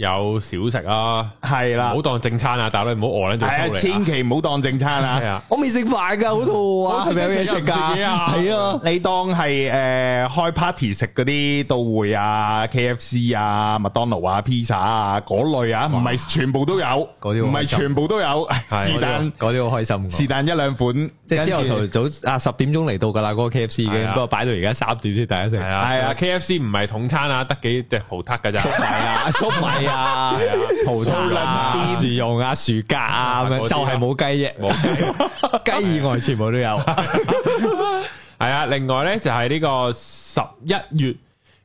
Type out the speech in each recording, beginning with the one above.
有小食啊，係啦，唔好當正餐啊，但係你唔好餓喺度。係啊，千祈唔好當正餐啊。係啊，我未食飯噶，好肚餓啊，係咪有嘢食噶？係啊，你當係誒開 party 食嗰啲到會啊，KFC 啊，麥當勞啊，披薩啊嗰類啊，唔係全部都有嗰啲，唔係全部都有，是但嗰啲好開心，是但一兩款。即係朝頭早啊十點鐘嚟到噶啦，嗰個 KFC 已經不過擺到而家三點先大家食。係啊，KFC 唔係桶餐啊，得幾隻蠔撻噶咋？縮埋啊，縮埋。啊，葡萄 啊，薯蓉菜 啊，薯格啊，咁樣就係冇雞啫，雞 以外全部都有。係啊，另外咧就係、是、呢個十一月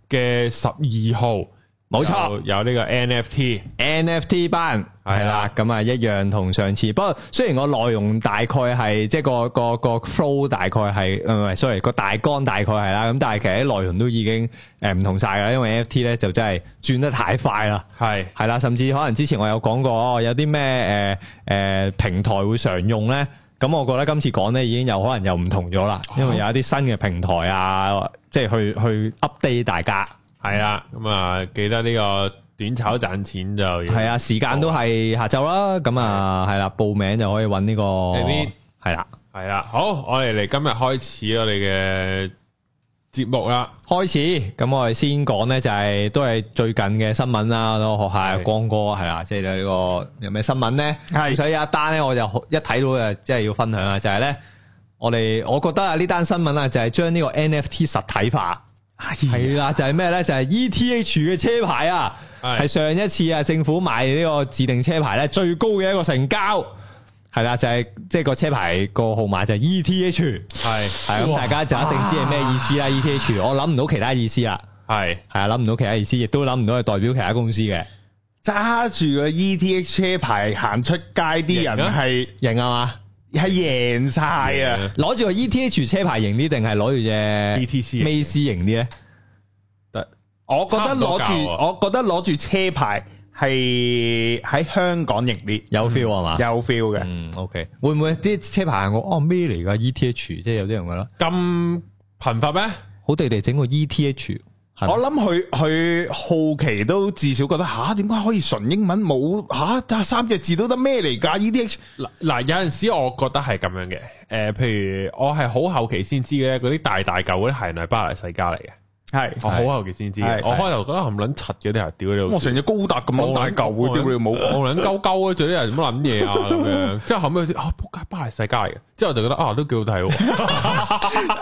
嘅十二號。冇錯沒，有呢個 NFT NFT 班係啦，咁啊一樣同上次。不過雖然個內容大概係即係個個個 flow 大概係，唔、嗯、係 sorry 個大綱大概係啦。咁但係其實啲內容都已經誒唔同晒啦，因為 NFT 咧就真係轉得太快啦。係係啦，甚至可能之前我有講過有啲咩誒誒平台會常用咧。咁我覺得今次講咧已經有可能又唔同咗啦，因為有一啲新嘅平台啊，即係去去 update 大家。係啦，咁啊，記得呢個短炒賺錢就係啊，時間都係下晝啦，咁啊的，係啦，報名就可以搵呢個係啦，係啦的，好，我哋嚟，今日開始我哋嘅節目啦，開始，咁我哋先講、就是的就是、呢，的就係都係最近嘅新聞啦，都學下光哥係啦，即係呢個有咩新聞呢？係，所以一單咧，我就好一睇到誒，即係要分享啊，就係、是、呢。我哋我覺得啊，呢單新聞啊，就係將呢個 NFT 實體化。係啦，就係咩咧？就係、是、ETH 嘅車牌啊，係的上一次啊，政府買呢個自定車牌咧，最高嘅一個成交，係啦，就係即係個車牌個號碼就係 ETH，係係咁，大家就一定知係咩意思啦。啊、ETH 我諗唔到其他意思啊。係係諗唔到其他意思，亦都諗唔到係代表其他公司嘅。揸住個 ETH 車牌行出街，啲人係認啊嘛。係贏晒啊！攞住個 ETH 車牌型啲，定係攞住隻 BTC 微私型啲咧？我覺得攞住，我覺得攞住車牌係喺香港型啲、嗯，有 feel 係嘛？有 feel 嘅，OK，會唔會啲車牌我哦咩嚟噶？ETH 即係有啲咁噶啦，咁頻繁咩？好地地整個 ETH。我諗佢佢好奇都至少覺得吓，點、啊、解可以純英文冇吓？但、啊、三隻字都得咩嚟㗎？呢啲嗱嗱有陣時，我覺得係咁樣嘅。誒、呃，譬如我係好後期先知嘅嗰啲大大舊嗰啲鞋係巴黎世家嚟嘅。係我好後期先知，我開頭覺得含捻柒嘅啲人，屌你懷！我成隻高達咁大舊，屌你冇，我捻鳩鳩嘅，最啲人乜捻嘢啊咁樣。即係後尾啊，撲、啊、街！巴黎世家嘅。啊啊啊啊不不之後就覺得啊，都幾好睇喎！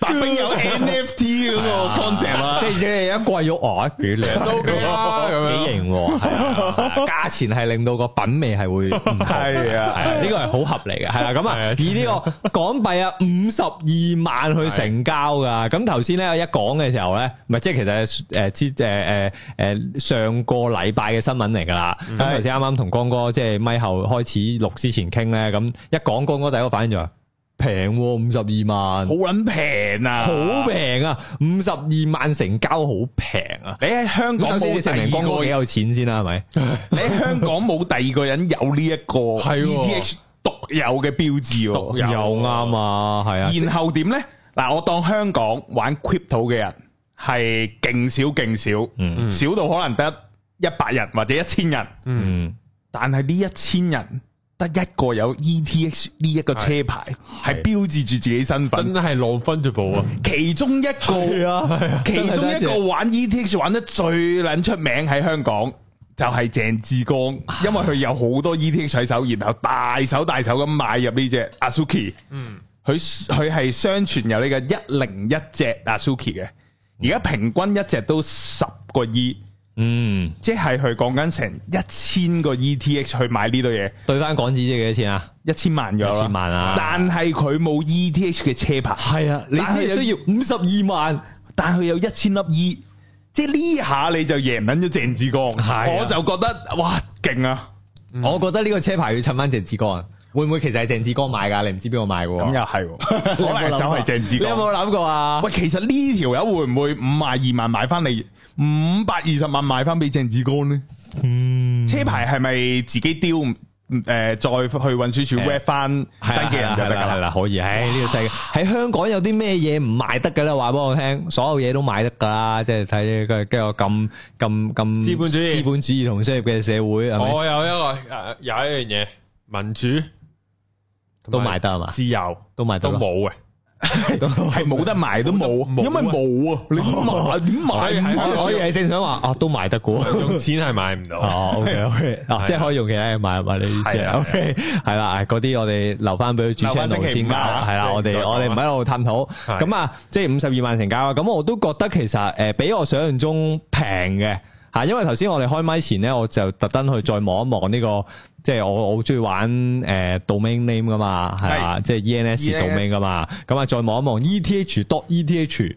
白兵有 NFT 嗰個 concept 啊，即係一貴咗哦這樣，幾靚都好幾型喎，係啊，價的錢係令到個品味係會唔係啊？啊， 呢個係好合理嘅，係啊，咁啊，以呢、這個港幣啊五十二萬去成交噶，咁頭先咧一講嘅時候咧，唔係即係其實誒，之誒誒誒上個禮拜嘅新聞嚟噶啦，咁頭先啱啱同光哥即係咪後開始錄之前傾咧，咁一講光哥第一個。反正就話平，五十二萬，好撚平啊，好平啊，五十二萬成交好平啊。你喺香港冇第二個幾有錢先啦，係咪？你喺香港冇第二個人有呢一個 ETH 獨有嘅標誌，獨有啱啊，係啊。然後點咧？嗱，我當香港玩 crypto 嘅人係勁少勁少，少到可能得一百人或者一千人。嗯，但係呢一千人。得一個有 ETH 呢一個車牌，係標誌住自己身份，真係浪分住部啊！其中一個，其中一個玩 ETH 玩得最撚出名喺香港，就係鄭志剛，因為佢有好多 ETH 喺手，然後大手大手咁買入呢隻 Azuki，嗯，佢佢係相傳有呢個一零一隻 Azuki 嘅，而家平均一隻都十個 E。嗯，即係佢講緊成一千個 ETH 去買呢度嘢，兌翻港紙即係幾多錢啊？一千萬咗一千萬啊！但係佢冇 ETH 嘅車牌，係啊，你只係需要五十二萬，但係佢有一千粒 E，即係呢下你就贏捻咗鄭志剛，我就覺得哇勁啊！我覺得呢個車牌要襯翻鄭志剛，會唔會其實係鄭志剛買噶？你唔知邊個買嘅？咁又係，可能就係鄭志剛。你有冇諗過啊？喂，其實呢條友會唔會五萬二萬買翻你？五百二十萬買翻俾鄭志剛呢，車牌係咪自己丟？誒，再去運輸處搵翻，第幾人就得噶？係啦，可以。喺呢個世界，喺香港有啲咩嘢唔賣得噶啦？話俾我聽，所有嘢都賣得噶啦。即係睇，跟住我咁咁咁資本主義、資本主義同商業嘅社會。我有一個有一樣嘢，民主都賣得係嘛？自由都賣得，都冇嘅。係冇得賣都冇，因為冇啊，你點買？我係正想話，啊都賣得嘅，用錢係買唔到。O K，嗱，即係可以用其他嘢買，咪你意思係啦？O K，係啦，嗰啲我哋留翻俾佢主車樓成交。係啦，我哋我哋唔喺度探討。咁啊，即係五十二萬成交，咁我都覺得其實誒，比我想象中平嘅。吓，因為頭先我哋開咪前咧，我就特登去再望一望呢個，即係我我好中意玩誒、呃、domain name 噶嘛，係啊是，即係 ENS domain 噶嘛，咁啊 EN 再望一望 ETH dot ETH，係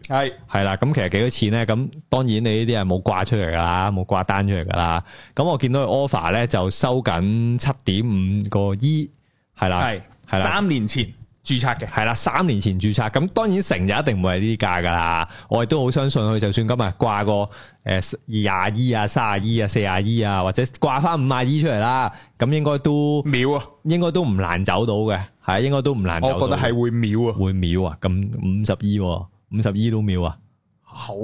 係是啦，咁其實幾多錢咧？咁當然你呢啲係冇掛出嚟噶啦，冇掛單出嚟噶啦，咁我見到佢 offer 咧就收緊七點五個 E，係啦係啦，三是啦年前。註冊嘅，係啦，三年前註冊，咁當然成日一定唔會係呢啲價噶啦。我亦都好相信佢，就算今日掛個誒廿二啊、三廿二啊、四廿二啊，或者掛翻五廿二出嚟啦，咁應該都秒啊，應該都唔難走到嘅，係應該都唔難。我覺得係會秒啊，會秒啊，咁五十二，五十二都秒啊，好。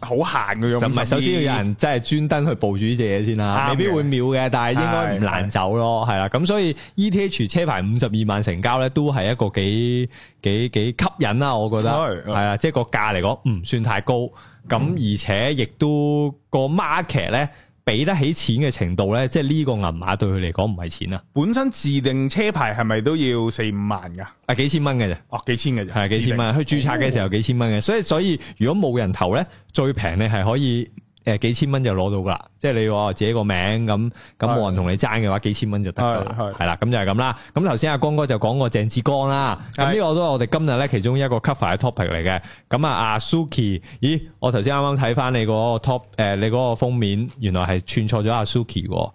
好閒嘅樣，唔係些，首先要有人真係專登去捕住啲嘢先啦，對 未必會秒嘅，對 但係應該唔難走咯，係啦對 對。咁所以 ETH 車牌五十二萬成交咧，都係一個幾幾幾吸引啦，啊，我覺得係啊，即係個價嚟講唔算太高，咁對、嗯、而且亦都個 market 咧。俾得起錢嘅程度咧，即係呢個銀碼對佢嚟講唔係錢啊！本身自定車牌係咪都要四五萬㗎？啊幾千蚊嘅啫，哦幾千嘅，係幾千蚊。佢註冊嘅時候幾千蚊嘅，哦、所以所以如果冇人投咧，最平咧係可以。誒，幾千蚊就攞到噶啦，即係你話，自己個名咁，咁冇人同你爭嘅話，幾千蚊就得噶啦，係啦對對，咁就係咁啦。咁頭先阿光哥就講過鄭志剛啦，咁呢個都係我哋今日咧其中一個 cover 嘅 topic 嚟嘅。咁對 啊 Azuki，咦，我頭先啱啱睇翻你嗰個 top，誒、啊，你個封面原來係串錯咗 Azuki 喎，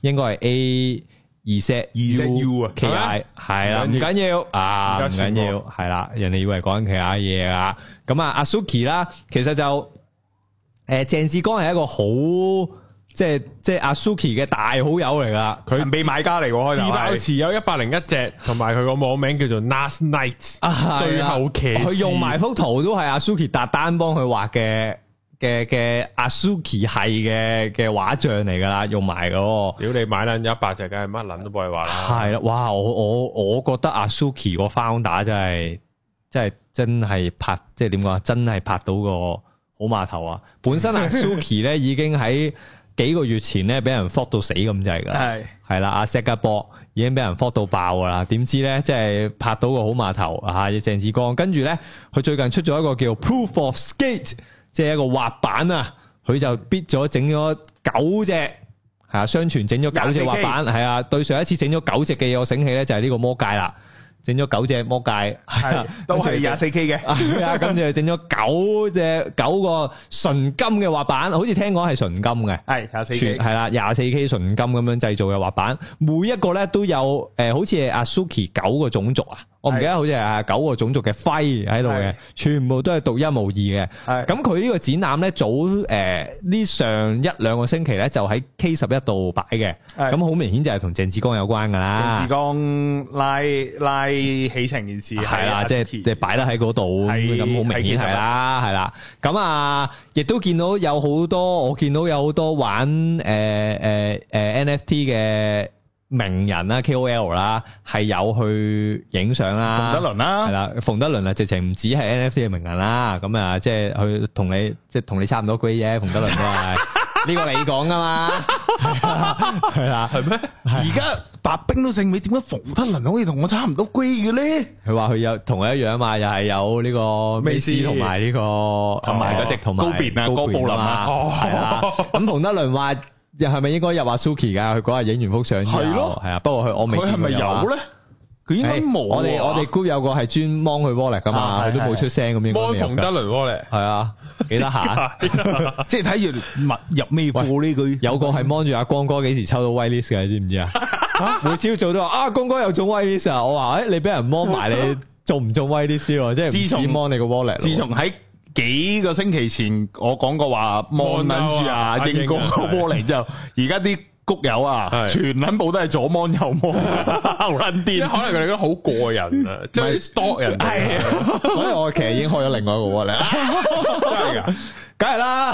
應該係 A 二 set 二 set U KI, 啊，係啦，唔緊要啊，唔緊要，係啦，人哋以為講緊其他嘢啊。咁啊 Azuki 啦，其實就。誒，鄭志剛係一個好即係即係阿 Suki 嘅大好友嚟噶，神秘買家嚟，持、就是、有持有一百零一隻，同埋佢個網名叫做 Last Night， 最後期，佢用埋幅圖都特單幫係阿 Suki 達丹幫佢畫嘅嘅嘅阿 Suki 係嘅嘅畫像嚟噶啦，用埋嗰，如果你買啦一百隻，梗係乜捻都幫你畫啦，係啦，哇，我我我覺得阿 Suki 個 founder 真係真係真係拍，即係點講啊，真係拍到個。好碼頭啊！本身阿 Suki 咧，已經喺幾個月前咧俾人 f 到死咁就係噶，係係啦，阿 Set 哥波已經俾人 f 到爆噶啦。點知咧即係拍到個好碼頭啊！鄭志剛跟住咧，佢最近出咗一個叫 Proof of, of Skate，即係一個滑板啊。佢就必咗整咗九隻，吓相傳整咗九隻滑板，係啊 K。對上一次整咗九隻嘅嘢，我醒起咧就係、係、呢個魔戒啦。整咗九隻魔戒，係都係廿四 K 嘅，係啊，跟住整咗九隻九個純金嘅滑板，好似聽講係純金嘅，係廿四 K 係啦，廿四 K 純金咁樣製造嘅滑板，每一個咧都有誒、呃，好似係 Azuki 九個種族啊。我唔記得，好似係九個種族嘅徽喺度嘅，全部都係獨一無二嘅。咁佢呢個展覽咧，早誒呢上一兩個星期咧，就喺 K 十一度擺嘅。咁好明顯就係同鄭志剛有關噶啦。鄭志剛拉拉起成件事係啦，即係擺得喺嗰度，咁好明顯係啦，係啦。咁啊，亦都見到有好多，我見到有好多玩誒誒誒 NFT 嘅。名人啦，K O L 啦，係有去影相啦。馮德倫啦，係啦，馮德倫啊，直情唔止係 N F C 嘅名人啦。咁啊，即係佢同你，即係同你差唔多 grade 嘅。馮德倫啊，呢個你講噶嘛？係啦，係咩？而家白兵都正美，點解馮德倫可以同我差唔多 grade 嘅咧？佢話佢有同我一樣嘛，又係有呢個美姿同埋呢個同埋嗰啲同埋高別啊高盤啊，係啦。咁馮德倫話。又係咪應該入阿 Suki 噶？佢嗰日影完幅相。係咯，係啊。不過佢我未。佢係咪有咧？佢應該冇。我哋我哋 group 有個係專 mon 佢 wallet 噶嘛，佢都冇出聲咁應該。mon 馮德倫 wallet。係啊，記得下。即係睇住入入咩貨呢？佢有個係 mon 住阿光哥，幾時抽到 white list 嘅？你知唔知啊？每朝早都話啊，光哥又中 white list 啊！我話誒，你俾人 mon 埋你，中唔中 white list？即係自從 mon 你個 wallet，自從喺。幾個星期前我講過話望緊住啊英國個鍋嚟之後，而家啲谷友啊是的 全揾部都係左摸右摸，撚電 可能佢哋都好過人啊，即係 stalk 人，係， 所以我其實已經開咗另外一個鍋嚟，真係㗎 梗係啦，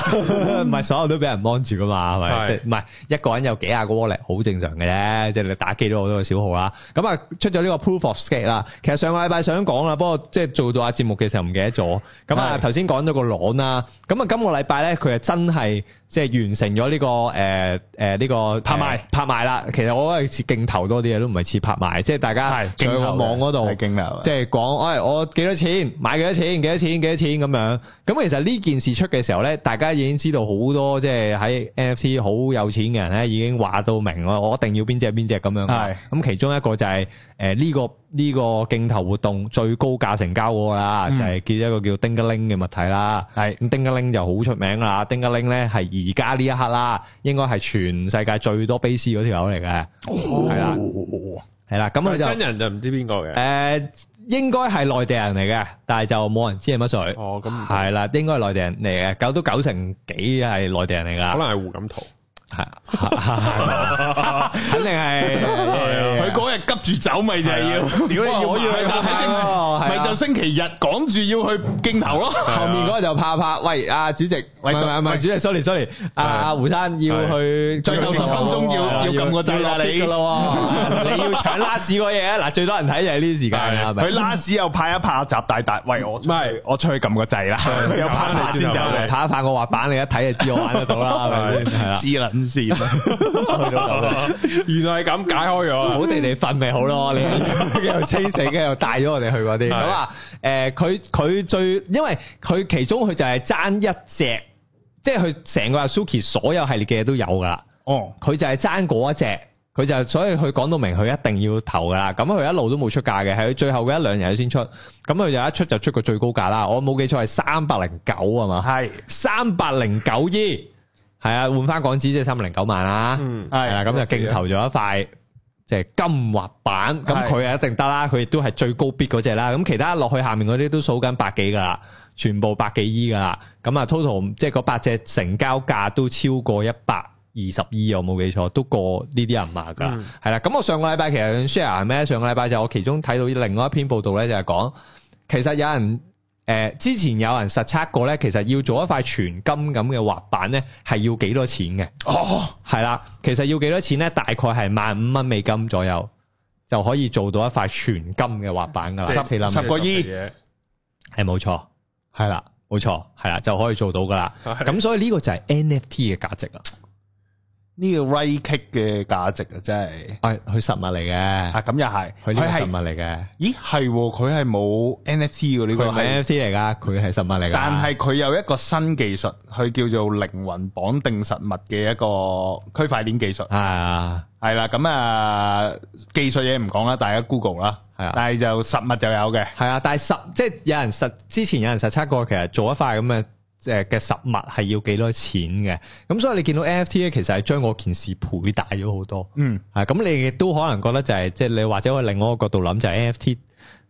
唔係 所有都俾人望住噶嘛，係咪？即唔係一個人有幾廿個 wallet 好正常嘅啫。即係你打機都好多個小號啦。咁啊，出咗呢個 proof of skate 啦。其實上個禮拜想講啦，不過即係做到下節目嘅時候唔記得咗。咁啊，頭先講咗個攔啦。咁啊，今個禮拜咧，佢係真係即係完成咗呢、這個誒誒呢個拍賣拍賣啦。其實我係似鏡頭多啲嘢，都唔係似拍賣，即係大家上網嗰度即係講，誒、哎、我幾多錢買幾多錢，幾多錢幾多錢咁樣。咁其實呢件事出嘅時候，咧，大家已經知道好多即係喺 NFT 好有錢嘅人咧，已經話到明咯，我一定要邊隻邊隻咁樣。係咁，其中一個就係誒呢個呢個鏡頭活動最高價成交㗎啦，就係叫一個叫 Dingaling 嘅物體啦。係咁，Dingaling 就好出名啦。Dingaling 咧係而家呢一刻啦，應該係全世界最多 base 嗰條友嚟嘅。係啦，係啦，咁佢就真人就唔知邊個嘅。應該係內地人嚟嘅，但係就冇人知係乜水。哦，咁係啦，應該係內地人嚟嘅，九都九成幾係內地人嚟㗎。可能係胡錦濤。肯定係，佢嗰日急住走咪就係要，如果你要站喺頂，咪就星期日趕住要去鏡頭咯。後面嗰日就拍拍。喂，阿主席，唔係唔係主席，sorry sorry，阿胡生要去最後十分鐘要要撳個掣啦，你咯，你要搶拉屎嗰嘢嗱，最多人睇就係呢啲時間，佢拉屎又拍一拍，習大大，喂我，唔係我出去撳個掣啦，又拍一拍先走，拍一拍個滑板，你一睇就知我玩得到啦，係啦，知啦。線啦，原來係咁解開咗，好地地瞓咪好咯，你又清醒嘅，又帶咗我哋去嗰啲咁啊。誒，佢佢最，因為佢其中佢就係爭一隻，即係佢成個阿 Suki 所有系列嘅嘢都有噶啦。哦，佢就係爭嗰一隻，佢就所以佢講到明，佢一定要投噶啦。咁佢一路都冇出價嘅，喺佢最後嘅一兩日先出，咁佢就一出就出個最高價啦。我冇記錯係三百零九啊嘛？係三百零九二。係啊，換翻港紙即係三百零九萬、嗯、啊，係啦、嗯，咁、啊、就競投咗一塊即係金華版。咁佢係一定得啦，佢亦都係最高 bid 嗰隻啦。咁其他落去下面嗰啲都數緊百幾噶啦，全部百幾億噶啦。咁啊 total 即係嗰八隻成交價都超過一百二十億，我冇記錯，都過呢啲銀碼噶。係啦、嗯，咁、啊、我上個禮拜其實 share 係咩？上個禮拜就我其中睇到另外一篇報道咧，就係講其實有人。誒之前有人實測過咧，其實要做一塊全金咁嘅滑板咧，係要幾多錢嘅？哦，係啦，其實要幾多錢咧？大概係萬五蚊美金左右就可以做到一塊全金嘅滑板噶啦，十四五十，十個億，係冇錯，係啦，冇錯，係啦，就可以做到噶啦。咁所以呢個就係 NFT 嘅價值啊！呢個 r a y c k 嘅價值、哎、啊，真係係佢實物嚟嘅，啊咁又係佢呢個係實物嚟嘅。咦，係佢係冇 NFT 喎，呢個係 NFT 嚟㗎，佢係實物嚟㗎。但係佢有一個新技術，佢叫做靈魂綁定實物嘅一個區塊鏈技術。係啊，係啦、啊，咁啊技術嘢唔講啦，大家 Google 啦，係啊，但係就實物就有嘅。係啊，但係十即係有人實之前有人實測過，其實做一塊咁嘅。即係嘅實物係要幾多錢嘅，咁所以你見到 NFT 咧，其實係將嗰件事倍大咗好多。嗯，啊，咁你亦都可能覺得就係、是，即、就、係、是、你或者我另外一個角度諗就係、是、NFT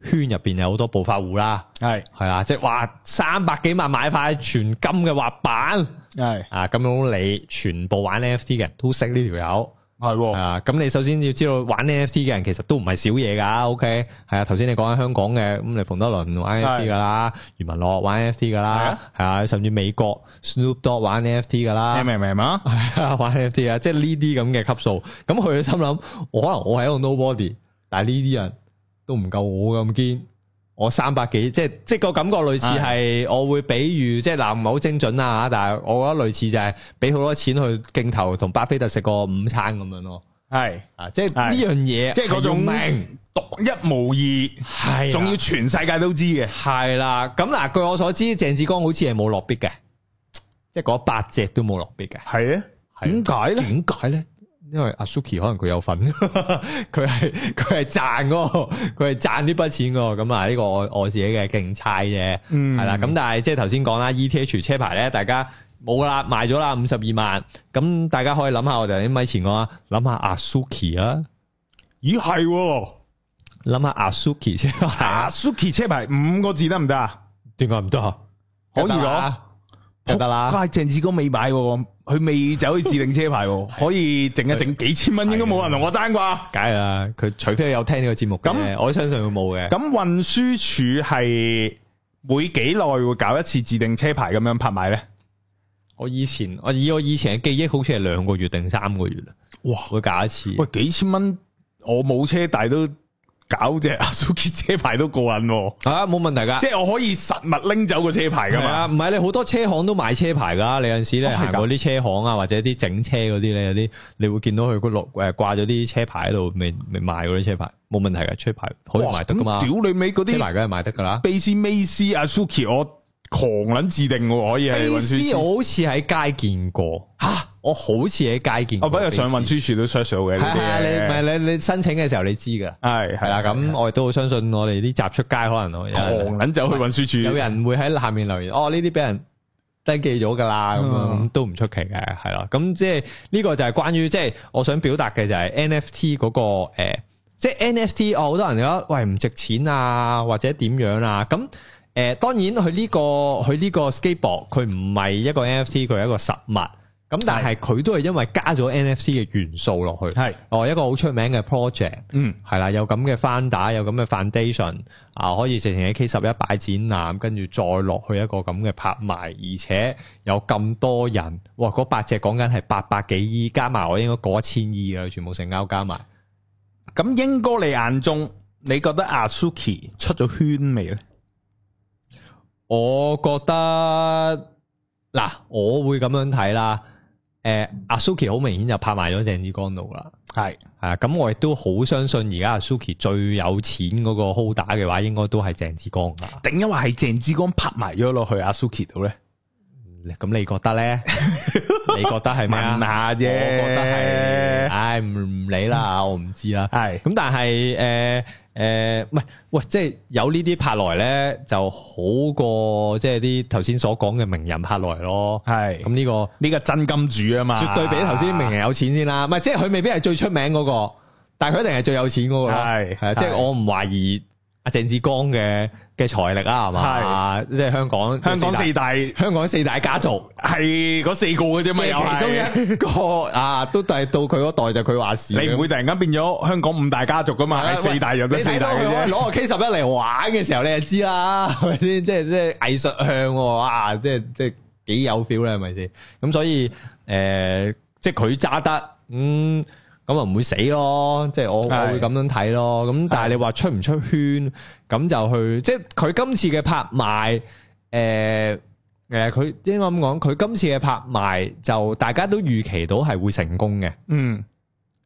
圈入邊有好多暴發戶啦。係是、啊，係啦，即係話三百幾萬買塊全金嘅滑板。係是、啊，啊咁樣你全部玩 NFT 嘅人都識呢條友。係，啊，咁你首先要知道玩 NFT 嘅人其實都唔係少嘢噶，OK？係啊，頭先你講緊香港嘅，咁你馮德倫玩 NFT 噶啦，余文樂玩 NFT 噶啦，係啊，甚至美國 Snoop Dogg 玩 NFT 噶啦，你明唔明啊？係啊，玩 NFT 啊，即係呢啲咁嘅級數，咁佢嘅心諗，我可能我係一個 Nobody，但係呢啲人都唔夠我咁堅。我三百幾，即係即個感覺類似係，我會比喻，的即係嗱唔係好精準啦吓，但係我覺得類似就係俾好多錢去鏡頭同巴菲特食個午餐咁樣咯。係的啊，即係呢樣嘢，的即係嗰種名獨一無二，係的，仲要全世界都知嘅。係啦，咁嗱，據我所知，鄭志剛好似係冇落筆嘅，即係嗰八隻都冇落筆嘅。係啊的，點解咧？點解咧？因為 Azuki 可能佢有份 佢係佢係賺嗰佢係賺呢筆錢嘅，咁啊呢個我我自己嘅競猜嘅，係啦、嗯，咁但係即係頭先講啦，ETH 車牌咧，大家冇啦，賣咗啦，五十二萬，咁大家可以諗下，我哋喺咪前講啦，諗下 Azuki 啊，咦係，諗下 Azuki 車牌，阿、啊、Azuki 車牌五個字得唔得啊？點解唔得？好唔好啊？可以得啦！但鄭、哦、子哥未買喎，佢未走去自定車牌， 可以淨係整幾千蚊，應該冇人同我爭啩？梗係啦，佢除非有聽呢個節目。咁我相信佢冇嘅。咁運輸署係每幾耐會搞一次自定車牌咁樣拍賣咧？我以前我以我以前嘅記憶，好似係兩個月定三個月啦。哇，佢搞一次，喂，幾千蚊，我冇車但係都。搞隻 Azuki 車牌都過癮喎、啊！冇、啊、問題㗎，即係我可以實物拎走個車牌噶嘛？唔係你好多車行都買車牌噶，你有陣時咧行過啲車行啊，或者啲整車嗰啲咧有啲，你會見到佢嗰落誒掛咗啲車牌喺度，未未賣嗰啲車牌，冇問題嘅，車牌可以賣得噶嘛？屌你尾嗰啲車牌梗係賣得噶啦！BAYC MAYC Azuki，我狂捻，自定我可以。BAYC 我好似喺街見過吓。啊我好似喺街見過，我不係上運輸處都出咗嘅。係啊，你唔係你你申請嘅時候你知噶。係係啦，咁我亦都好相信，我哋呢集出街可能我有人走去運輸處，有人會喺下面留言 哦，呢啲俾人登記咗噶啦，咁、嗯、都唔出奇嘅。係啦，咁即係呢個就係關於即係我想表達嘅就係 NFT 嗰、那個誒、呃，即係 NFT 我好多人覺得喂唔值錢啊，或者點樣啊，咁、呃、誒，當然佢呢、這個佢呢、這個、個 Skateboard 佢唔係一個 NFT，佢係一個實物。咁但係佢都係因為加咗 NFC 嘅元素落去，係是哦一個好出名嘅 project，嗯係啦，有咁嘅翻打，有咁嘅 foundation，啊可以直情喺 K 十一擺展覽，跟住再落去一個咁嘅拍賣，而且有咁多人，哇嗰八隻講緊係八百幾億，加埋我應該過一千億啦，全部成交加埋。咁英哥你眼中你覺得阿 Suki 出咗圈未咧？我覺得嗱我會咁樣睇啦。誒，阿、uh, Suki 好明顯就拍埋咗鄭志剛度啦，係是，係啊，咁我亦都好相信而家阿 Suki 最有錢嗰個 hold 打、er、嘅話應該都鄭，應該都係鄭志剛噶，定因為係鄭志剛拍埋咗落去阿 Suki 度咧？咁你覺得咧？ 你覺得係咩啊？問下啫，我覺得係，唉，唔理啦，我唔知啦。係咁是，但係誒誒，唔、呃、係、呃，喂，即係有呢啲拍來咧，就好過即係啲頭先所講嘅名人拍來咯。係咁是，呢、這個呢個真金主啊嘛，絕對比頭先啲名人有錢先啦。唔係、啊，即係佢未必係最出名嗰、那個，但係佢一定係最有錢嗰個。係係即係我唔懷疑阿鄭志剛嘅。嘅財力啊，係嘛？即係香港，香港四大，香港四大家族係嗰四個嘅啫嘛。有其中一個啊，都係到佢嗰代就佢話事。你唔會突然間變咗香港五大家族噶嘛？係四大入咗四大嘅啫。攞個 K 十一嚟玩嘅時候，你就知啦，係咪先？即係即係藝術向，哇！即係即係幾有 feel 咧，係咪先？咁所以誒，即係佢揸得，嗯，咁啊唔會死咯。即係我我會咁樣睇咯。咁但係你話出唔出圈？咁就去，即係佢今次嘅拍賣，誒、呃、誒，佢、呃、應該咁講，佢今次嘅拍賣就大家都預期到係會成功嘅。嗯，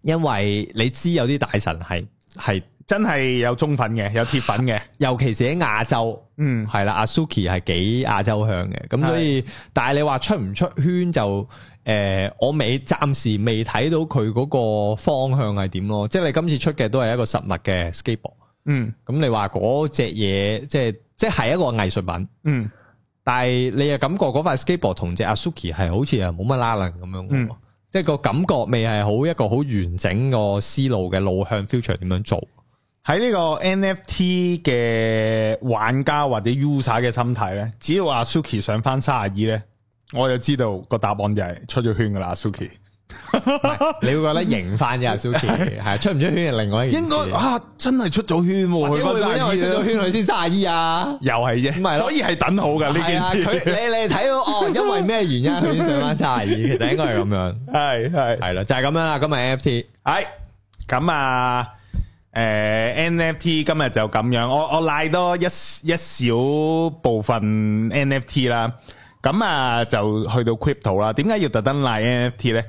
因為你知有啲大神係係真係有忠粉嘅，有鐵粉嘅，尤其是喺亞洲。嗯，係啦，Azuki 係幾亞洲向嘅，咁所以，是但係你話出唔出圈就誒、呃，我未暫時未睇到佢嗰個方向係點咯。即係你今次出嘅都係一個實物嘅 skate 嗯，嗯，咁你話嗰隻嘢，即係即係一個藝術品，嗯，嗯嗯但係你又感覺嗰塊嗯、skateboard 同隻 Azuki 係好似又冇乜拉楞咁樣嘅，即係個感覺未係好一個好完整個思路嘅路向 future 點樣做？喺呢個 NFT 嘅玩家或者 user 嘅心態咧，只要 Azuki 上翻三二咧，我就知道個答案就係出咗圈噶啦，Azuki。嗯啊你會覺得贏翻嘅啊，Azuki 係出唔出圈係另外一回事。應該啊，真係出咗圈，或者因為出咗圈佢先卅二啊，又係啫。唔係，所以係等好嘅呢件事。佢你你睇到哦，因為咩原因佢先上翻卅二？其實應該係咁樣，係係係啦，就係咁樣啦。今日 NFT 係咁啊，誒 NFT 今日就咁樣，我我瀨多一一小部分 NFT 啦。咁啊，就去到 Crypto 啦。點解要特登瀨 NFT 咧？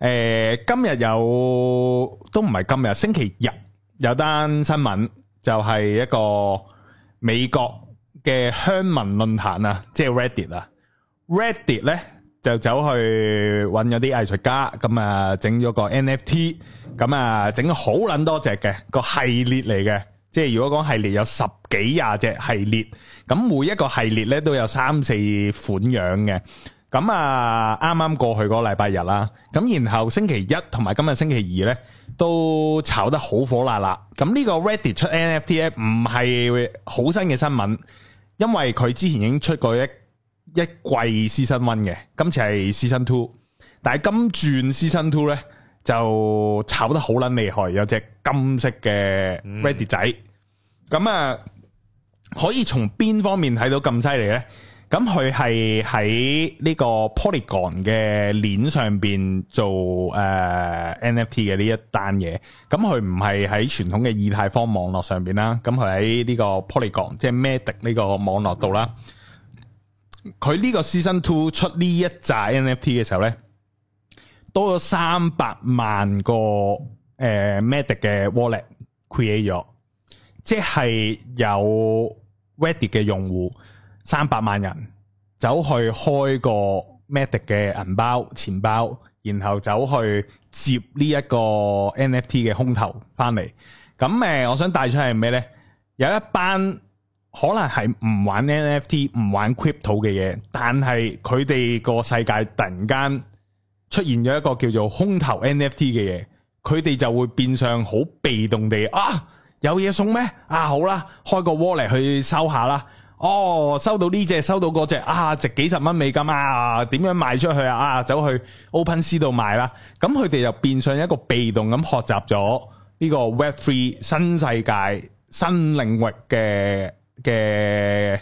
誒，今日有都唔係今日，星期日有單新聞，就係一個美國嘅鄉民論壇啊，即係 Reddit 啊，Reddit 咧，就走去搵咗啲藝術家，咁啊整咗個 NFT，咁啊整咗好捻多隻嘅個系列嚟嘅，即係如果講系列有十幾廿隻系列，咁每一個系列咧都有三四款樣嘅。咁啊，啱啱過去嗰個禮拜日啦，咁然後星期一同埋今日星期二咧，都炒得好火辣辣。咁、這、呢個 Reddit 出 NFT 唔係好新嘅新聞，因為佢之前已經出過一一季 season one 嘅，今次係 season two，但係今轉 season two 咧就炒得好撚厲害，有隻金色嘅 Reddit 仔。咁啊、嗯嗯，可以從邊方面睇到咁犀利咧？咁佢係喺呢個 Polygon 嘅鏈上邊做誒 NFT 嘅呢一單嘢。咁佢唔係喺傳統嘅以太坊網絡上邊啦。咁佢喺呢個 Polygon，即係 MATIC 呢個網絡度啦。佢呢個 Season Two 出呢一隻 NFT 嘅時候咧，多咗三百萬個誒 MATIC 嘅 Wallet Creator，即係有 Reddit 嘅用戶。三百萬人走去開個 Matic 嘅銀包錢包，然後走去接呢一個 NFT 嘅空投翻嚟。咁誒，我想帶出係咩呢？有一班可能係唔玩 NFT、唔玩 Crypto 嘅嘢，但係佢哋個世界突然間出現咗一個叫做空投 NFT 嘅嘢，佢哋就會變相好被動地啊，有嘢送咩？啊好啦，開個 wallet 嚟去收下啦。哦，收到呢隻，收到嗰隻，啊，值幾十蚊美金啊，點樣賣出去啊？啊，走去 Open Sea 度賣啦。咁佢哋就變相一個被動咁學習咗呢個 Web Three 新世界、新領域嘅嘅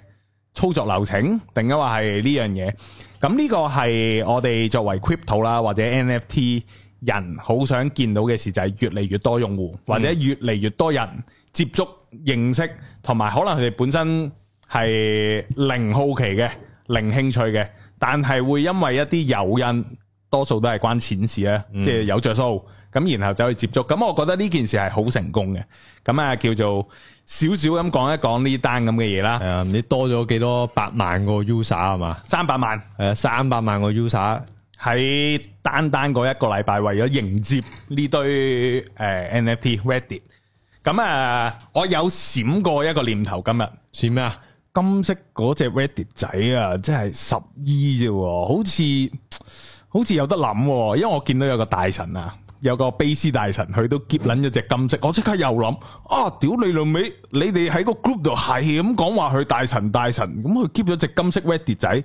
操作流程，定係話係呢樣嘢。咁呢個係我哋作為 Crypto 啦，或者 NFT 人好想見到嘅事，就係越嚟越多用戶，或者越嚟越多人接觸、認識，同埋可能佢哋本身。係零好奇嘅，零興趣嘅，但係會因為一啲誘因，多數都係關錢事啦，即係有着數，咁然後就去接觸，咁我覺得呢件事係好成功嘅，咁啊叫做少少咁講一講呢單咁嘅嘢啦。係啊，你多咗幾多百萬個 user 係嘛？三百萬，誒，三百萬個 user 喺單單嗰一個禮拜為咗迎接呢堆誒 NFT Reddit，咁啊，我有閃過一個念頭今日閃咩啊？.金色嗰隻 Reddy 仔啊，真係十二啫，好似好似有得諗、啊。因為我見到有個大神啊，有個 base 大神，佢都 keep 捻咗隻金色，我即刻又諗啊，屌你老味，你哋喺個 group 度係咁講話，佢大神大神咁，佢 keep 咗隻金色 Reddy 仔。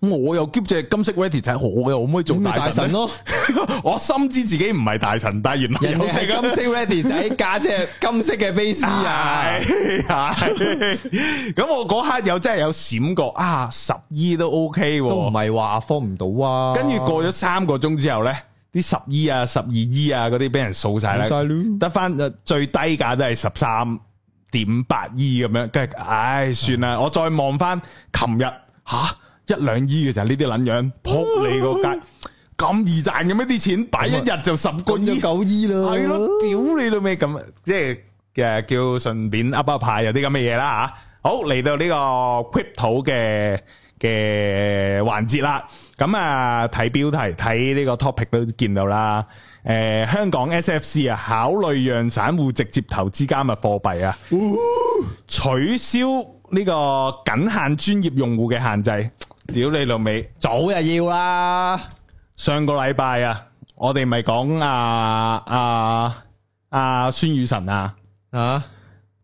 我又 keep 隻金色 ready 仔，我又可唔可以做大神，大神咯？ 我深知自己唔係大神，但原來人哋係金色 ready 仔加隻 金色嘅 base 啊！咁、哎哎、我嗰刻又真係有閃覺啊！十億、e、都 OK，唔係話科唔到啊！跟住、啊、過咗三個鐘之後咧，啲十億、e 啊，e、啊、十二億、e、啊嗰啲俾人掃晒啦，得翻最低價都係十三點八億咁樣，跟住唉算啦，的我再望翻琴日吓。啊一兩億嘅就係呢啲撚樣撲你個街，咁易賺，咁一啲錢，擺一日就十個億九億啦，係咯，屌你咯咩？咁即係嘅叫順便 up up 下有啲咁嘅嘢啦吓。好，嚟到呢個 crypto 嘅嘅環節啦，咁啊睇標題睇呢個 topic 都見到啦誒、呃、香港 SFC 啊，考慮讓散戶直接投資加密貨幣啊、哦、取消呢個僅限專業用戶嘅限制。屌你老味，早就要啦！上個禮拜啊，我哋咪講阿阿阿孫宇辰啊，啊，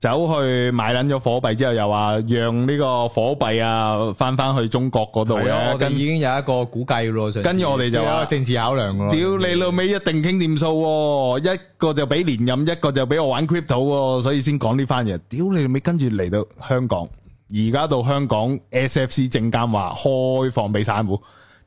走去買捻咗火幣之後，又話讓呢個火幣啊翻翻去中國嗰度咧。我哋已經有一個估計咯，跟住我哋就有政治考量咯。屌你老味，一定傾掂數，一個就俾連任，一個就俾我玩 crypto，所以先講呢番嘢。屌你老味，跟住嚟到香港。而家到香港 SFC 證監話開放俾散戶，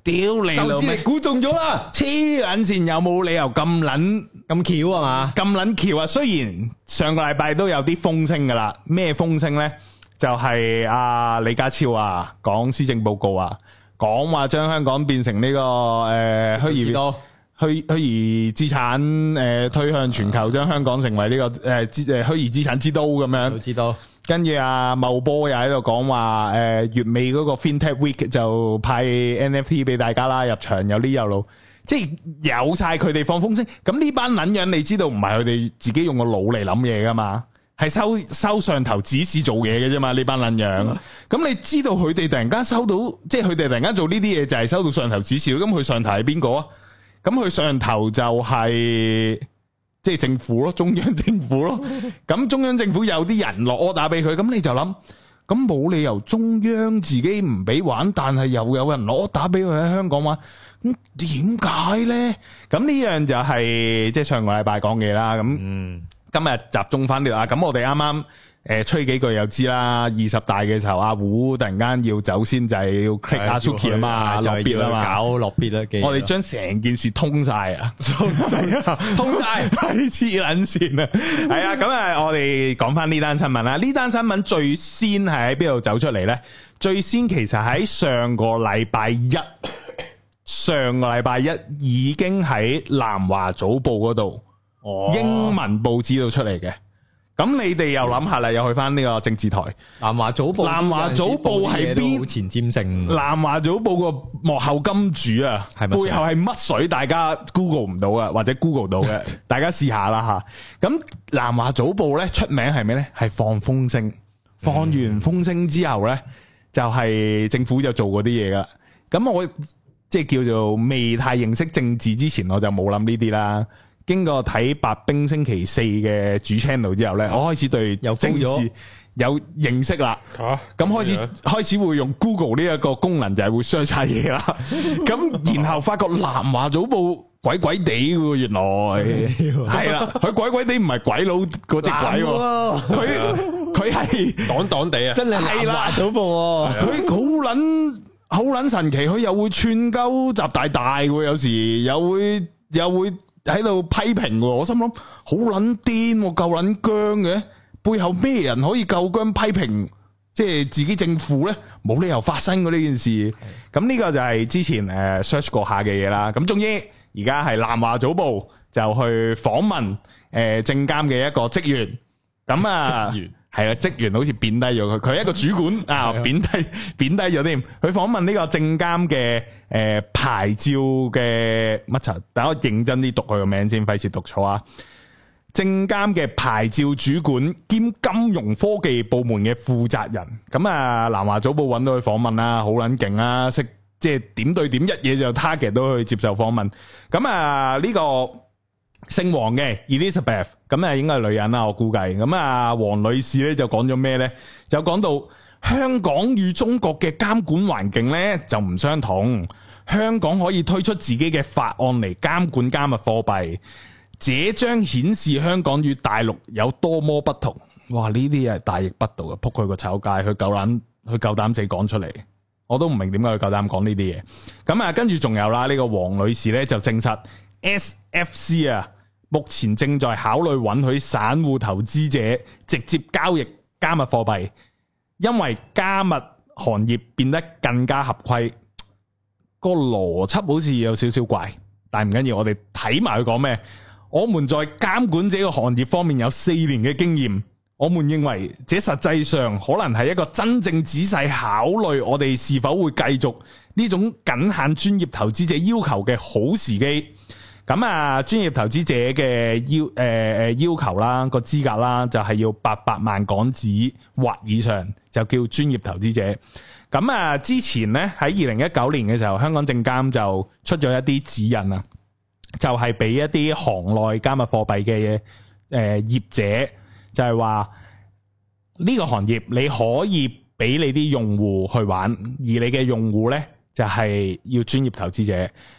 屌你老味，估中咗啦！黐捻線，有冇理由咁捻咁巧啊？嘛，咁捻巧啊！雖然上個禮拜都有啲風聲噶啦，咩風聲咧？就係阿李家超啊，講施政報告啊，講話將香港變成呢個誒，呃，知道虛虛擬資產誒，呃，推向全球，將香港成為呢個誒，虛誒虛擬資產之都咁樣。知道。跟住阿茂波又喺度講話，誒，月尾嗰個 FinTech Week 就派 NFT 俾大家啦，入場有啲有路，即係有晒佢哋放風聲。咁呢班撚樣，你知道唔係佢哋自己用個腦嚟諗嘢噶嘛？係收收上頭指示做嘢嘅啫嘛？呢班撚樣，咁你知道佢哋突然間收到，即係佢哋突然間做呢啲嘢就係收到上頭指示。咁佢上頭係邊個啊？咁佢上頭就係。即係政府咯，中央政府咯，咁中央政府有啲人攞打俾佢，咁你就諗，咁冇理由中央自己唔俾玩，但係又有人攞打俾佢喺香港玩，咁點解咧？咁呢樣就係即係上個禮拜講嘅啦，咁今日集中翻啲啊！咁我哋啱啱。誒、呃，吹幾句又知啦。二十大嘅時候，阿胡突然間要走先就係要 create 阿 Suki 啊嘛，落必去啊就嘛，搞落必啦。我哋將成件事通晒啊，通晒， 通晒了，係黐捻線啊！係 啊、嗯哎，咁啊，我哋講翻呢單新聞啦。呢單新聞最先係喺邊度走出嚟咧？最先其實喺上個禮拜一，上個禮拜一已經喺南華早報嗰度，哦、英文報紙度出嚟嘅。咁你哋又諗下啦，又去返呢個政治台。南華早報，南華早報係邊前占城？南華早報個幕後金主啊，係咪？背後係乜水？大家 Google 唔到啊，或者 Google 到嘅，大家試下啦吓。咁南華早報咧出名係咩咧？係放風聲，放完風聲之後咧，就係政府就做嗰啲嘢噶。咁我即係叫做未太認識政治之前，我就冇諗呢啲啦。經過睇《白兵星期四》嘅主 channel 之後咧，我開始對政治有認識啦。咁開始開始會用 Google 呢一個功能就係會 search 嘢啦。咁然後發覺《南華早報》鬼鬼地嘅，原來係啦，佢鬼鬼地唔係鬼佬嗰隻鬼，佢佢係擋擋地啊！真係南華早報，佢好捻好捻神奇，佢又會串鳩習大大，有時又會又會。喺度批評，我心諗好撚癲，夠撚僵嘅背後咩人可以夠僵批評，即係自己政府咧，冇理由發生過呢件事。咁呢是的 個就係之前誒 search、呃、過下嘅嘢啦。咁終於而家係南華早報就去訪問誒證監嘅一個職員。咁啊。係啊，職員好似貶低咗佢，佢係一個主管 的啊，貶低貶低咗添。佢訪問呢個證監嘅誒牌照嘅乜柒，等我認真啲讀佢個名先，費事讀錯啊！證監嘅牌照主管兼金融科技部門嘅負責人，咁啊南華早報揾到佢訪問啦、啊，好撚勁啊，識即係、就是、點對點一嘢就 target 都去接受訪問。咁啊呢、這個。姓王嘅 Elizabeth，咁啊應該係女人啦，我估計。咁啊，黃女士咧就講咗咩呢？就講到香港與中國嘅監管環境呢就唔相同。香港可以推出自己嘅法案嚟監管加密貨幣，這將顯示香港與大陸有多麼不同。哇！呢啲係大逆不道嘅，扑佢個炒界，佢夠膽，佢夠膽死講出嚟。我都唔明點解佢夠膽講呢啲嘢。咁啊，跟住仲有啦，呢個黃女士呢就證實 SFC 啊。目前正在考慮允許散戶投資者直接交易加密貨幣，因為加密行業變得更加合規。個邏輯好似有少少怪，但係唔緊要，我哋睇埋佢講咩。我們在監管這個行業方面有四年嘅經驗，我們認為這實際上可能係一個真正仔細考慮我哋是否會繼續呢種僅限專業投資者要求嘅好時機。咁啊，專業投資者嘅要誒誒、呃、要求啦，個資格啦，就係、是、要八百萬港紙或以上就叫專業投資者。咁啊，之前咧喺二零一九年嘅時候，香港證監就出咗一啲指引啊，就係、是、俾一啲行內加密貨幣嘅誒、呃、業者，就係話呢個行業你可以俾你啲用戶去玩，而你嘅用戶咧。就係要專業投資者，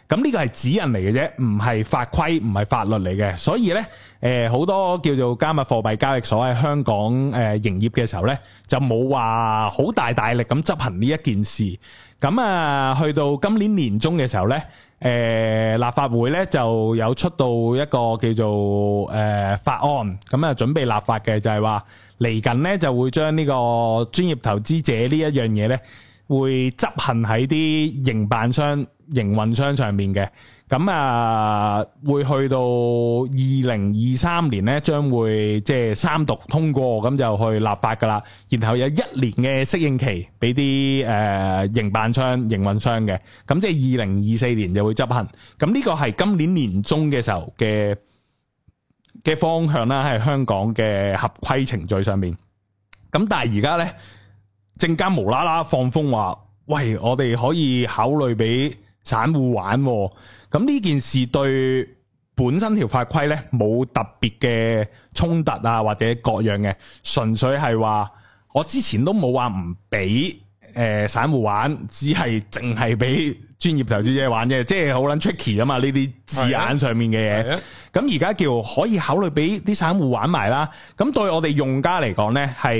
咁呢個係指引嚟嘅啫，唔係法規，唔係法律嚟嘅。所以呢，誒、呃、好多叫做加密貨幣交易所喺香港誒營、呃、業嘅時候呢，就冇話好大大力咁執行呢一件事。咁啊，去到今年年中嘅時候呢，誒、呃、立法會呢就有出到一個叫做誒、呃、法案，咁啊準備立法嘅就係話嚟緊呢就會將呢個專業投資者呢一樣嘢呢。會執行喺啲營辦商、營運商上面嘅，咁啊會去到二零二三年呢，將會即係三讀通過，咁就去立法噶啦。然後有一年嘅適應期，俾啲誒營辦商、營運商嘅，咁即係二零二四年就會執行。咁呢個係今年年中嘅時候嘅嘅方向啦，喺香港嘅合規程序上面。咁但係而家呢。證監無啦啦放風話，喂，我哋可以考慮俾散戶玩喎，咁呢件事對本身條法規呢冇特別嘅衝突啊，或者各樣嘅，純粹係話我之前都冇話唔俾誒散戶玩，只係淨係俾。專業投資者玩嘅，即係好捻 tricky 啊嘛，呢啲字眼上面嘅嘢，咁而家叫可以考慮俾啲散戶玩埋啦。咁對我哋用家嚟講呢係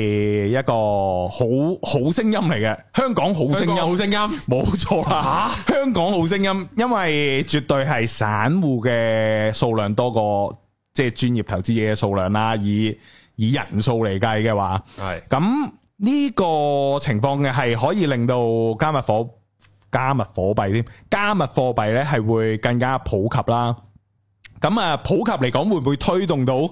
一個好好聲音嚟嘅，香港好聲音，好聲音冇錯啦吓，香港好聲音，因為絕對係散戶嘅數量多過即係專業投資者嘅數量啦，以以人數嚟計嘅話，係咁呢個情況嘅係可以令到加密火。加密貨幣添，加密貨幣咧係會更加普及啦。咁啊，普及嚟講會唔會推動到誒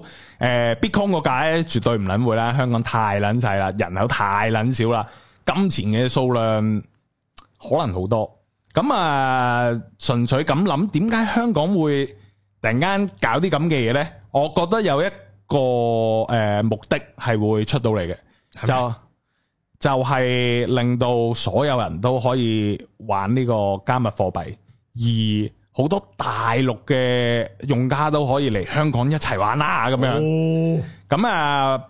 Bitcoin 個價咧？絕對唔撚會啦！香港太撚細啦，人口太撚少啦，金錢嘅數量可能好多。咁啊，純粹咁諗，點解香港會突然間搞啲咁嘅嘢咧？我覺得有一個誒目的係會出到嚟嘅，就，就係令到所有人都可以玩呢個加密貨幣，而好多大陸嘅用家都可以嚟香港一齊玩啦，啊、咁樣。咁、哦、啊，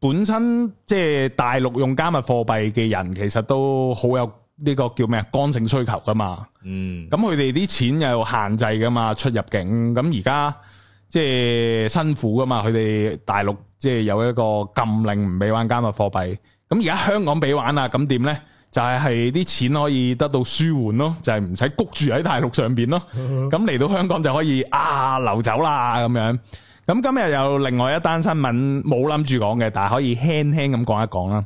本身即係、就是、大陸用加密貨幣嘅人，其實都好有呢個叫咩啊剛性需求噶嘛。嗯，咁佢哋啲錢又限制噶嘛，出入境，咁而家即係辛苦噶嘛。佢哋大陸即係有一個禁令，唔俾玩加密貨幣。咁而家香港俾玩啦，咁點呢？就係係啲錢可以得到舒緩咯，就係唔使谷住喺大陸上邊咯。咁嚟到香港就可以啊流走啦咁樣。咁今日有另外一單新聞冇諗住講嘅，但係可以輕輕咁講一講啦。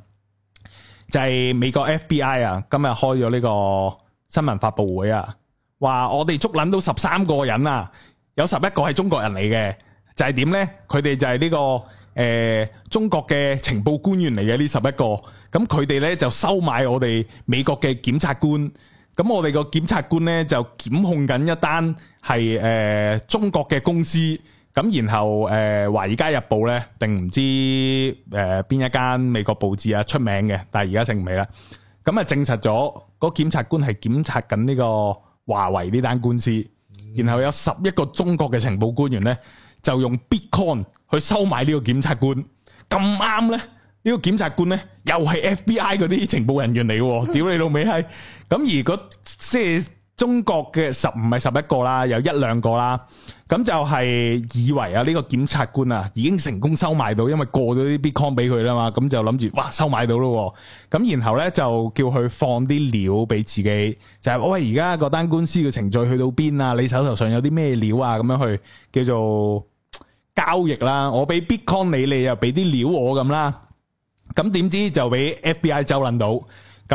就係美國 FBI 啊，今日開咗呢個新聞發布會啊，話我哋捉捻到十三個人啊，有十一個係中國人嚟嘅，就係點呢？佢哋就係呢個。誒，中國嘅情報官員嚟嘅呢十一個，咁佢哋咧就收買我哋美國嘅檢察官，咁我哋個檢察官咧就檢控緊一單係誒中國嘅公司，咁然後誒《華爾街日報》咧定唔知誒邊一間美國報紙啊出名嘅，但係而家成唔起啦，咁啊證實咗個檢察官係檢察緊呢個華為呢單官司，然後有十一個中國嘅情報官員咧。就用 bitcoin 去收買呢個檢察官咁啱咧？呢個檢察官咧又係 FBI 嗰啲情報人員嚟嘅，屌你老味係咁而個即係中國嘅十唔係十一個啦，有一兩個啦，咁就係以為啊呢個檢察官啊已經成功收買到，因為過咗啲 bitcoin 俾佢啦嘛，咁就諗住哇收買到咯，咁然後咧就叫佢放啲料俾自己，就係喂而家個單官司嘅程序去到邊啊？你手頭上有啲咩料啊？咁樣去叫做。交易啦，我俾 Bitcoin 你，你又俾啲料我咁啦，咁點知就俾 FBI 就攆到，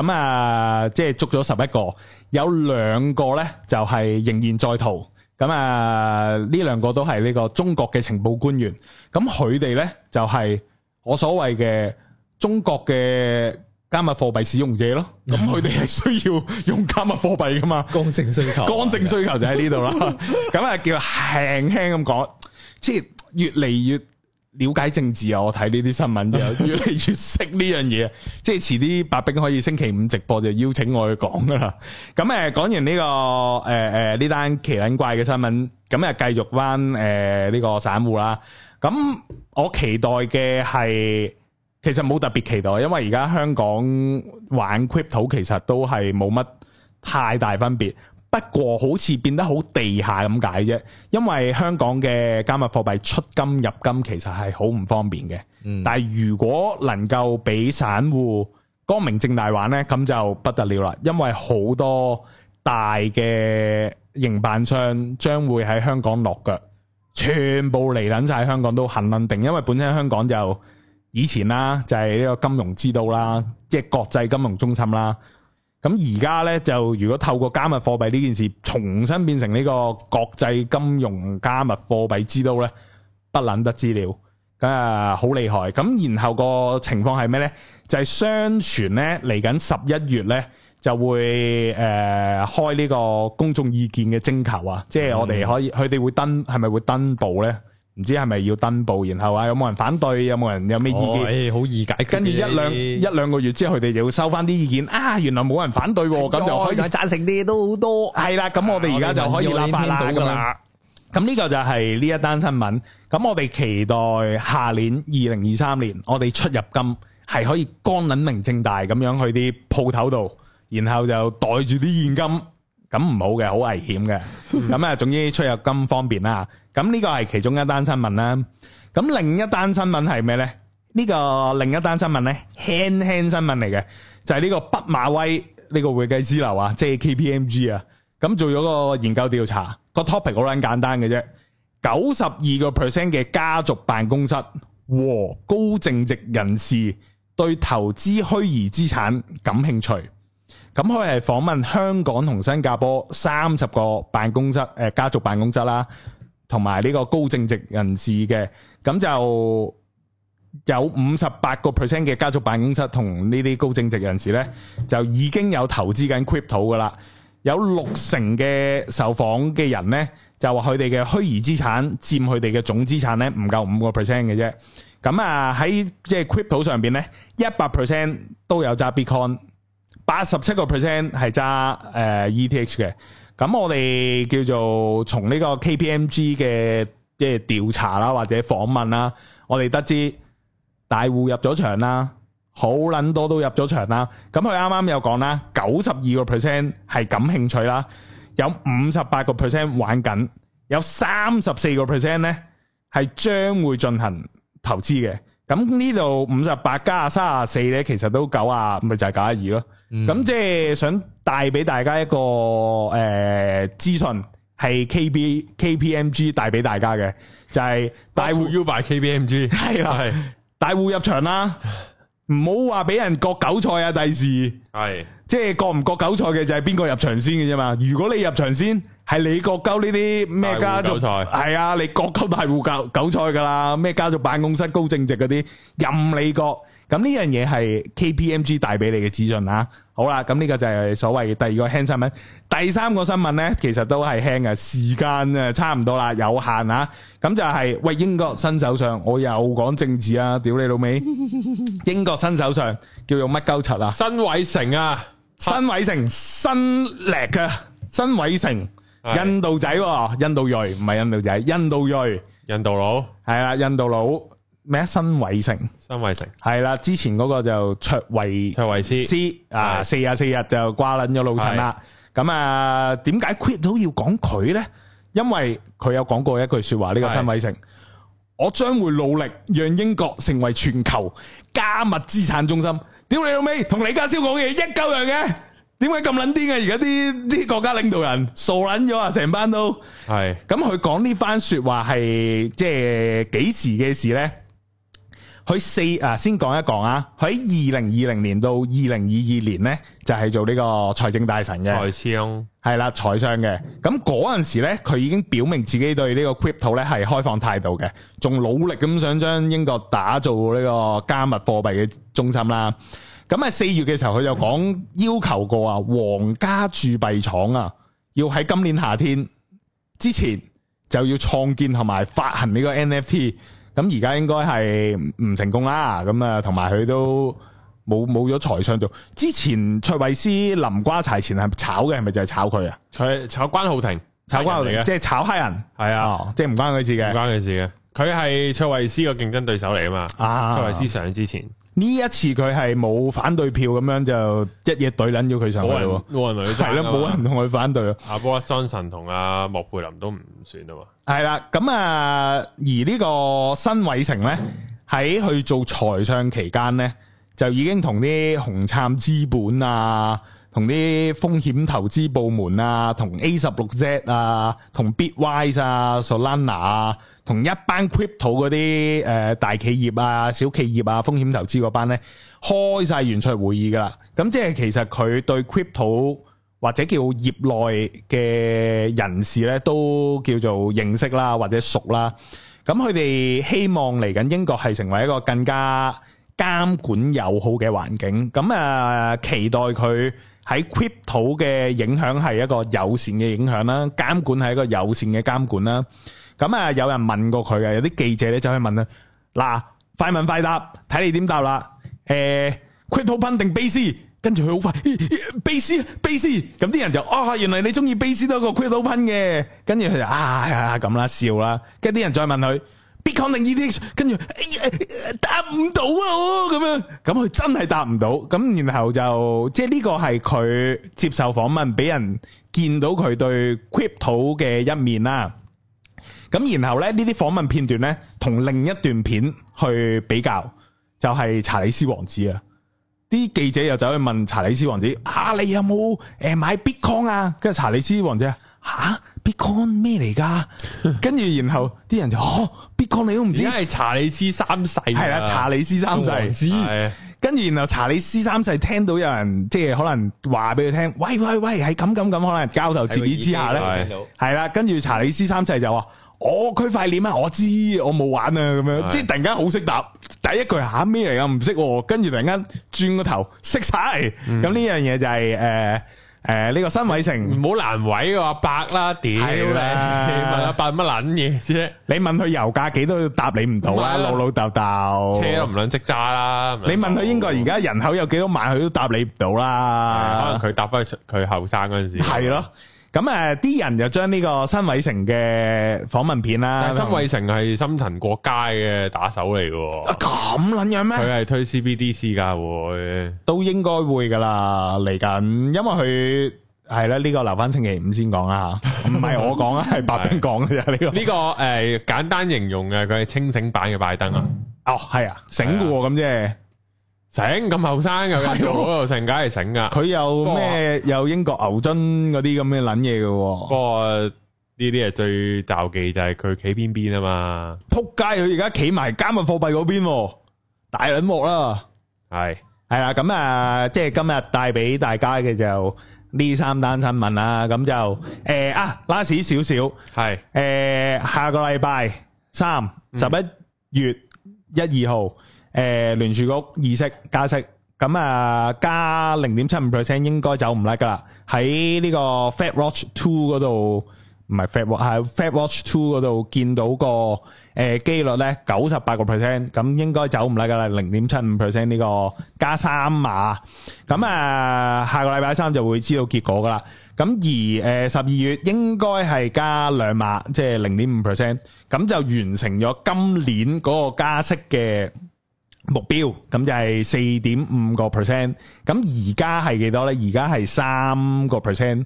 咁啊，即係捉咗十一個，有兩個咧就係仍然在逃，咁啊呢兩個都係呢個中國嘅情報官員，咁佢哋咧就係我所謂嘅中國嘅加密貨幣使用者咯，咁佢哋係需要用加密貨幣噶嘛，剛性需求，剛性需求就喺呢度啦，咁啊叫輕輕咁講，即係。越嚟越了解政治啊！我睇呢啲新聞就越嚟越識呢樣嘢，即係遲啲白兵可以星期五直播就邀請我去講噶啦。咁誒講完呢個誒誒呢單奇撚怪嘅新聞，咁又繼續返誒呢個散戶啦。咁我期待嘅係其實冇特別期待，因為而家香港玩 crypto 其實都係冇乜太大分別。不過好似變得好地下咁解啫，因為香港嘅加密貨幣出金入金其實係好唔方便嘅。但係如果能夠俾散戶光明正大玩呢，咁就不得了啦。因為好多大嘅營辦商將會喺香港落腳，全部嚟捻晒香港都恒穩定，因為本身香港就以前啦，就係呢個金融之都啦，即係國際金融中心啦。咁而家咧就如果透過加密貨幣呢件事，重新變成呢個國際金融加密貨幣之都咧，不能得知了，咁啊好厲害！咁然後個情況係咩咧？就係相傳咧，嚟緊十一月咧就會誒開呢個公眾意見嘅徵求啊，即係我哋可以，佢哋會登，係咪會登報咧？唔知係咪要登報，然後啊有冇人反對，有冇人有咩意見？哦，好易解決。跟住一兩一兩個月之後，佢哋就收翻啲意見。啊，原來冇人反對，咁就可以贊成啲都好多。係啦，咁我哋而家就可以啦啦啦咁啦。咁呢個就係呢一單新聞。咁我哋期待下年二零二三年，我哋出入金係可以光撚明正大咁樣去啲鋪頭度，然後就袋住啲現金。咁唔好嘅，好危險嘅。咁啊，總之出入金方便啦。咁呢個係其中一單新聞啦。咁另一單新聞係咩呢？呢、這個另一單新聞呢，輕輕新聞嚟嘅，就係、是、呢個畢馬威呢、這個會計師樓啊，即係 KPMG 啊。咁做咗個研究調查，個 topic 好簡單嘅啫。九十二個 percent 嘅家族辦公室和高淨值人士對投資虛擬資產感興趣。咁佢係訪問香港同新加坡三十個辦公室誒、呃、家族辦公室啦，同埋呢個高淨值人士嘅，咁就有五十八個 percent 嘅家族辦公室同呢啲高淨值人士咧，就已經有投資緊 Crypto 噶啦，有六成嘅受訪嘅人咧，就話佢哋嘅虛擬資產佔佢哋嘅總資產咧唔夠五個 percent 嘅啫，咁啊喺即係 Crypto 上邊咧，一百 percent 都有揸 Bitcoin。八十七個 percent 係揸誒 ETH 嘅，咁我哋叫做從呢個 KPMG 嘅即係調查啦，或者訪問啦，我哋得知大戶入咗場啦，好捻多都入咗場啦。咁佢啱啱有講啦，九十二個 percent 係感興趣啦，有五十八個 percent 玩緊，有三十四個 percent 咧係將會進行投資嘅。咁呢度五十八加三十四咧，其實都九啊，咪就係九啊二咯。咁、嗯、即係想帶俾大家一個誒資訊，係、呃、K B K P M G 帶俾大家嘅，就係、是、大戶要買 K P M G，係啦，係大戶入場啦，唔好話俾人割韭菜啊！第時係即係割唔割韭菜嘅就係邊個入場先嘅啫嘛？如果你入場先，係你割鳩呢啲咩家族韭菜？係啊，你割鳩大戶割韭菜噶啦，咩家族辦公室高淨值嗰啲，任你割。咁呢樣嘢係 KPMG 帶俾你嘅資訊啊！好啦，咁呢個就係所謂第二個輕新聞。第三個新聞呢，其實都係輕啊，時間啊差唔多啦，有限啊。咁就係喂，英國新首相，我又講政治啊！屌你老味，英國新首相叫做乜鳩柒啊？新偉成啊，新偉成，新叻嘅新偉成，印度仔，印度裔唔係印度仔，印度裔，印度佬，係啦，印度佬。咩？辛偉誠，辛偉誠係啦，之前嗰個就卓慧、卓慧思啊，四日四日就瓜撚咗老襯啦。咁啊，點解 Crypto 都要講佢咧？因為佢有講過一句說話，呢個辛偉誠，我將會努力讓英國成為全球加密資產中心。屌你老味，同李家超講嘢一鳩樣嘅，點解咁撚癲嘅？而家啲啲國家領導人傻捻咗啊，成班都係。咁佢講呢番說話係即係幾時嘅事咧？佢四啊，先講一講啊！佢喺二零二零年到二零二二年呢，就係、是、做呢個財政大臣嘅財相，係啦，財相嘅。咁嗰陣時呢，佢已經表明自己對呢個 crypto 呢係開放態度嘅，仲努力咁想將英國打造呢個加密貨幣嘅中心啦。咁啊，四月嘅時候，佢就講要求過啊，皇家鑄幣廠啊，要喺今年夏天之前就要創建同埋發行呢個 NFT。咁而家應該係唔成功啦，咁啊同埋佢都冇冇咗財相做。之前卓慧思臨瓜柴前係炒嘅，係咪就係炒佢啊？炒炒關浩霆，炒關浩霆啊，即係炒黑人，係啊，即係唔關佢事嘅，唔關佢事嘅。佢係卓慧思個競爭對手嚟啊嘛，卓慧思上之前。呢一次佢係冇反對票，咁樣就一嘢隊撚咗佢上去嚟咯。係咯，冇人同佢啦反對。阿波、啊、Johnson 同阿莫佩林都唔算啊嘛。係啦，咁啊，而呢個新偉成咧喺去做財相期間咧，就已經同啲紅杉資本啊，同啲風險投資部門啊，同 A 十六 Z 啊，同 Bitwise 啊、Solana 啊。同一班 crypto 嗰啲誒大企業啊、小企業啊、風險投資嗰班咧，開曬圓桌會議㗎喇。咁即係其實佢對 crypto 或者叫業內嘅人士咧，都叫做認識啦，或者熟啦。咁佢哋希望嚟緊英國係成為一個更加監管友好嘅環境。咁啊，期待佢喺 crypto 嘅影響係一個友善嘅影響啦，監管係一個友善嘅監管啦。咁啊！有人問過佢嘅，有啲記者咧就去問啦：「嗱，快問快答，睇你點答啦。誒、欸、crypto 噴定 base？跟住佢好快 base base。咁、欸、啲、欸嗯、人就哦，原來你中意 base 多過 crypto 噴嘅。跟住佢就啊咁啦、啊，笑啦。跟住啲人再問佢 bitcoin exchange 跟住答唔到啊，咁樣，咁佢真係答唔到。咁、嗯、然後就即係呢個係佢接受訪問，俾人見到佢對 crypto 嘅一面啦。咁然後咧呢啲訪問片段咧，同另一段片去比較，就係查理斯王子啊！啲記者又走去問查理斯王子：啊，你有冇誒買 Bitcoin 啊？跟住查理斯王子：吓，Bitcoin 咩嚟噶？跟住然後啲人就：哦，Bitcoin 你都唔知？係查理斯三世。係啦子，查理斯三世知。跟住然後查理斯三世聽到有人即係可能話俾佢聽：喂喂喂，係咁咁咁，可能交頭接耳之下咧，係啦。跟住查理斯三世就話。哦，佢快唸啊！我知我冇玩啊，咁樣是的 即係突然間好識答。第一句吓咩嚟噶？唔、啊、識、啊，跟住突然間轉個頭識晒。咁呢、嗯、樣嘢就係誒誒呢個新偉成，唔好難為我阿伯啦，屌你問阿伯乜捻嘢啫？ 你問佢油價幾多，都答你唔到、啊、啦，老老豆豆，車都唔撚識揸啦。你問佢英國而家人口有幾多萬，佢都答你唔到啦。可能佢答返佢佢後生嗰陣時係咯。對 咁誒，啲、嗯、人就將呢個新偉成嘅訪問片啦。新偉成係深層國街嘅打手嚟嘅，咁捻、啊、樣咩？佢係推 CBDC 噶會，都應該會噶啦。嚟緊，因為佢係咧呢個留翻星期五先講啦。唔係我講啊，係 白兵講嘅啫。呢的、 這個呢個誒，簡單形容嘅佢係清醒版嘅拜登啊、嗯。哦，係啊，醒過咁啫。的的醒咁後生嘅，醒梗係醒噶。佢有咩有英國牛津嗰啲咁嘅卵嘢嘅。不過呢啲係最鬥技就係佢企邊邊啊嘛。撲街！佢而家企埋加密貨幣嗰邊，大卵幕啦。係係啦，咁啊，即係今日帶俾大家嘅就呢三單新聞啦。咁就誒啊，last 少少係誒下個禮拜三，十一月一二號。誒聯儲局議息加息，咁啊加零點七五 percent 應該走唔甩噶啦。喺呢個 Fed Watch Two 嗰度，唔係 Fed，係 Fed Watch Two 嗰度見到個誒機率咧九十八個 percent，咁應該走唔甩噶啦。零點七五 percent 呢個加三碼，咁啊下個禮拜三就會知道結果噶啦。咁而誒十二月應該係加兩碼，即係零點五 percent，咁就完成咗今年嗰個加息嘅。目標咁就係四點五個 percent，咁而家係幾多咧？而家係三個 percent，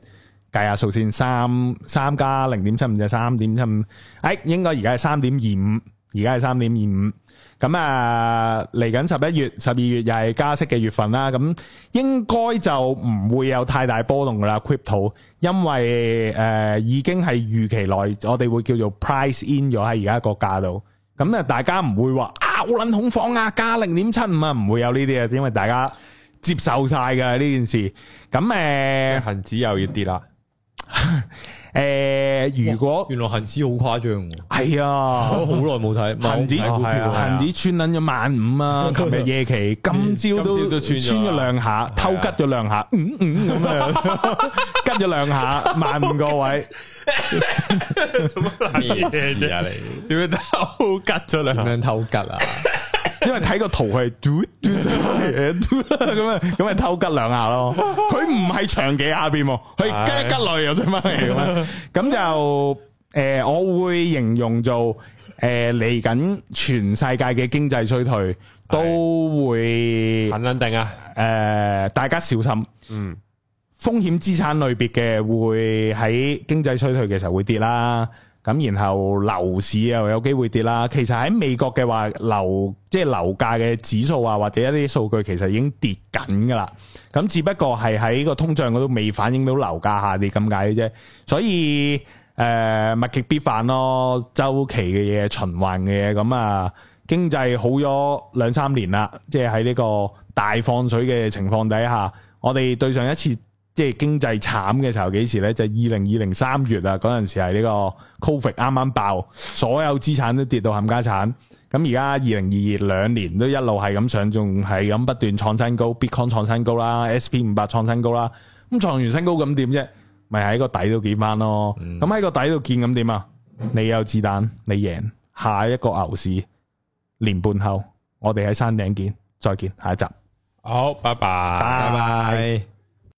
計下數先，三三加零點七五就三點七五，哎，應該而家係三點二五，而家係三點二五。咁啊，嚟緊十一月、十二月又係加息嘅月份啦，咁應該就唔會有太大波動噶啦，crypto，因為誒已經係預期內，我哋會叫做 price in 咗喺而家個價度，咁咧大家唔會話。.牛卵恐慌啊，加零點七五啊，唔會有呢啲啊，因為大家接受晒㗎呢件事。咁誒，恒指又要跌啦。 誒、呃，如果原來恒指好誇張，係啊，好耐冇睇，恒指子，恒指、呃、穿捻咗萬五啊！琴 日夜期，今朝都穿咗兩下，嗯、偷吉咗兩下，啊、嗯嗯咁樣，吉咗兩下，萬五刺個位，做乜、 啊？點解偷吉咗兩兩偷吉啊？因為睇個圖係咁啊，咁咪偷吉兩下咯。佢唔係長期下邊喎，佢吉一吉落又再翻嚟咁啊。咁就誒、呃，我會形容做誒，嚟、呃、緊全世界嘅經濟衰退都會很穩定啊。誒、呃，大家小心。嗯，風險資產類別嘅會喺經濟衰退嘅時候會跌啦。咁然後樓市又有機會跌啦。其實喺美國嘅話，樓即係樓價嘅指數啊，或者一啲數據其實已經跌緊噶啦。咁只不過係喺個通脹嗰度未反映到樓價下跌咁解啫。所以誒、呃、物極必反咯，周期嘅嘢、循環嘅嘢。咁啊，經濟好咗兩三年啦，即係喺呢個大放水嘅情況底下，我哋對上一次。即係經濟慘嘅時候幾時呢？就二零二零三月啊，嗰陣時係呢個 Covid 啱啱爆，所有資產都跌到冚家鏟。咁而家二零二二兩年都一路係咁上，仲係咁不斷創新高，Bitcoin 創新高啦，SP 五百創新高啦。咁創完新高咁點啫？咪喺個底度見翻咯。咁喺個底度見咁點啊？你有子彈，你贏下一個牛市年半後，我哋喺山頂見，再見下一集。好，拜拜，Bye. 拜拜。